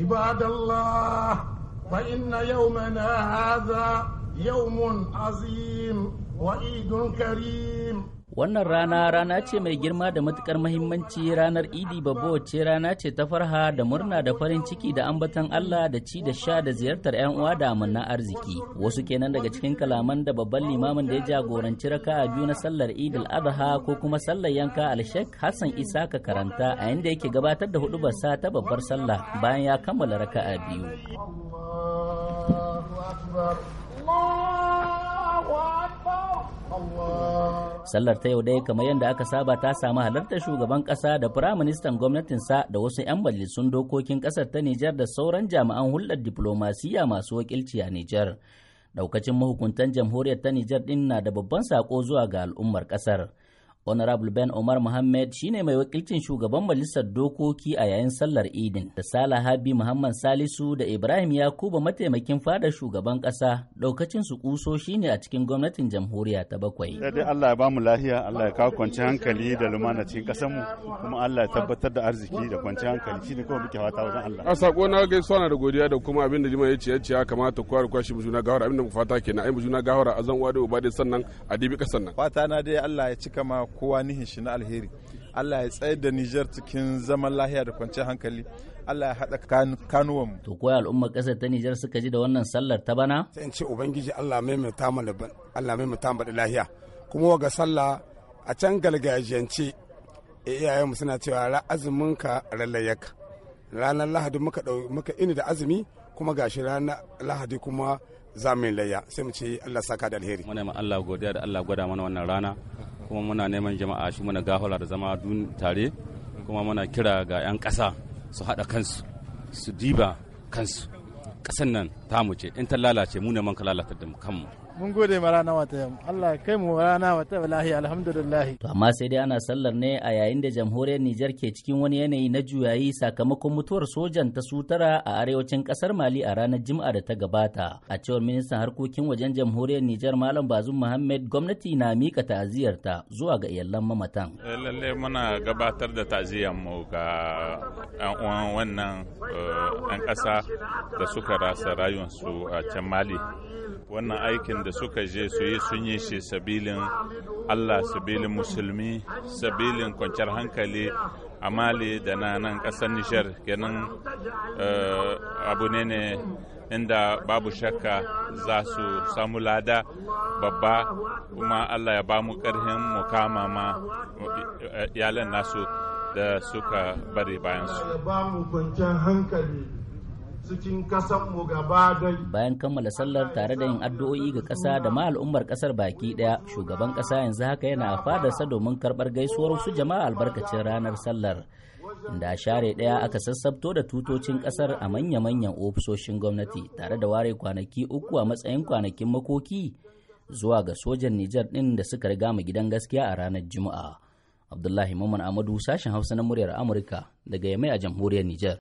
عباد الله فإن يومنا هذا يوم عظيم وعيد كريم Wannan rana rana ce mai girma da matukar mahimmanci ranar Idi Babbo ce rana ce ta farha da murna da farin ciki da ambatan Allah da ci da sha da ziyartar 'yan uwa da amanna arziki. Wasu kenan daga cikin kalaman da babban limamin da ya jagoranci raka a biyu na sallar Idil adha ko kuma sallar yanka alshek Hassan Isa ka karanta a yanda yake gabatar da sa ta babbar sallah bayan ya kammala raka'a biyu. sallar ta yau dai kamar yadda aka saba ta samu halartar shugaban ƙasa da firaministan gwamnatinsa da wasu 'yan majalisun dokokin ƙasar ta nijar da sauran jami'an hulɗar diplomasiya masu wakilci a nijar daukacin mahukuntan jamhuriyar ta nijar din na da babban sako zuwa ga al'ummar ƙasar. honorable ben omar muhammad shine mai wakilcin shugaban majalisar dokoki a yayin sallar idin da sala habi muhammad salisu da ibrahim yakuba mataimakin fadar shugaban kasa daukacin su kuso shine a cikin gwamnatin jamhuriya ta bakwai dai allah ya ba mu lahiya allah ya kawo kwanci hankali da lumana cikin kasar mu kuma allah ya tabbatar da arziki da kwanci hankali shine kuma muke fata wajen allah a sako na ga na da godiya da kuma abin da jima ya ce ya ce ya kamata ku da shi bujuna gawara abin da mu fata kenan ai bujuna gawara a zan uwa da uba sannan a dibi kasar nan fata na dai allah ya cika ma kowa nihin shi na alheri Allah ya tsayar da Nijar cikin zaman lahiya da kwanciyar hankali Allah ya haɗa kanuwanmu. To koya al'ummar ƙasar ta Nijar suka ji da wannan sallar ta bana? Sai in ce Ubangiji Allah maimaita da Allah maimaita da lahiya. Kuma waga sallah a can galgajiyance eh, mu suna cewa ra azumin ka rallayaka Ranar Lahadi muka muka ini da azumi kuma gashi ranar Lahadi kuma za mu layya sai mu ce Allah saka da alheri. Muna ma Allah godiya da Allah gwada mana wannan rana. kuma muna neman jama'a shi muna gafara da zama dun tare kuma muna kira ga 'yan kasa su haɗa kansu su diba kansu ƙasan nan ta mu ce in ta lalace mu neman man ka lalata da kanmu mun gode ma rana wata yamma Allah kai mu rana wata wallahi alhamdulillah to amma sai dai ana sallar ne a yayin da jamhuriyar niger ke cikin wani yanayi na juyayi sakamakon mutuwar sojan ta sutara a arewacin kasar Mali a ranar Juma'a da ta gabata a cewar ministan harkokin wajen jamhuriyar niger Malam Bazum Muhammad gwamnati na mika ta'aziyarta zuwa ga iyalan mamatan eh, lalle muna gabatar da ta'aziyar mu ga yan uwan wannan yan eh, kasa da suka rasa rayuwarsu a can Mali wannan aikin da suka je su yi sun yi shi sabilin allah sabilin musulmi sabilin kwanciyar hankali a mali da na nan ƙasar nishar kenan eh, abu ne ne inda babu shakka za su samu lada babba kuma allah ya ba mu ƙarhin mukama ma iyalan nasu da suka bari bayansu. ba mu kwanciyar hankali cikin mu gaba dai. Bayan kammala sallar tare da yin addu'o'i ga ƙasa da ma al'ummar ƙasar baki ɗaya, shugaban ƙasa yanzu haka yana a fadarsa domin karɓar gaisuwar su jama'a albarkacin ranar sallar. Inda share ɗaya aka sassabto da tutocin ƙasar a manya-manyan ofisoshin gwamnati tare da ware kwanaki uku a matsayin kwanakin makoki zuwa ga sojan Nijar ɗin da suka riga mu gidan gaskiya a ranar Juma'a. Abdullahi Maman Amadu sashen Hausa na muryar Amurka daga Yamai a jamhuriyar Nijar.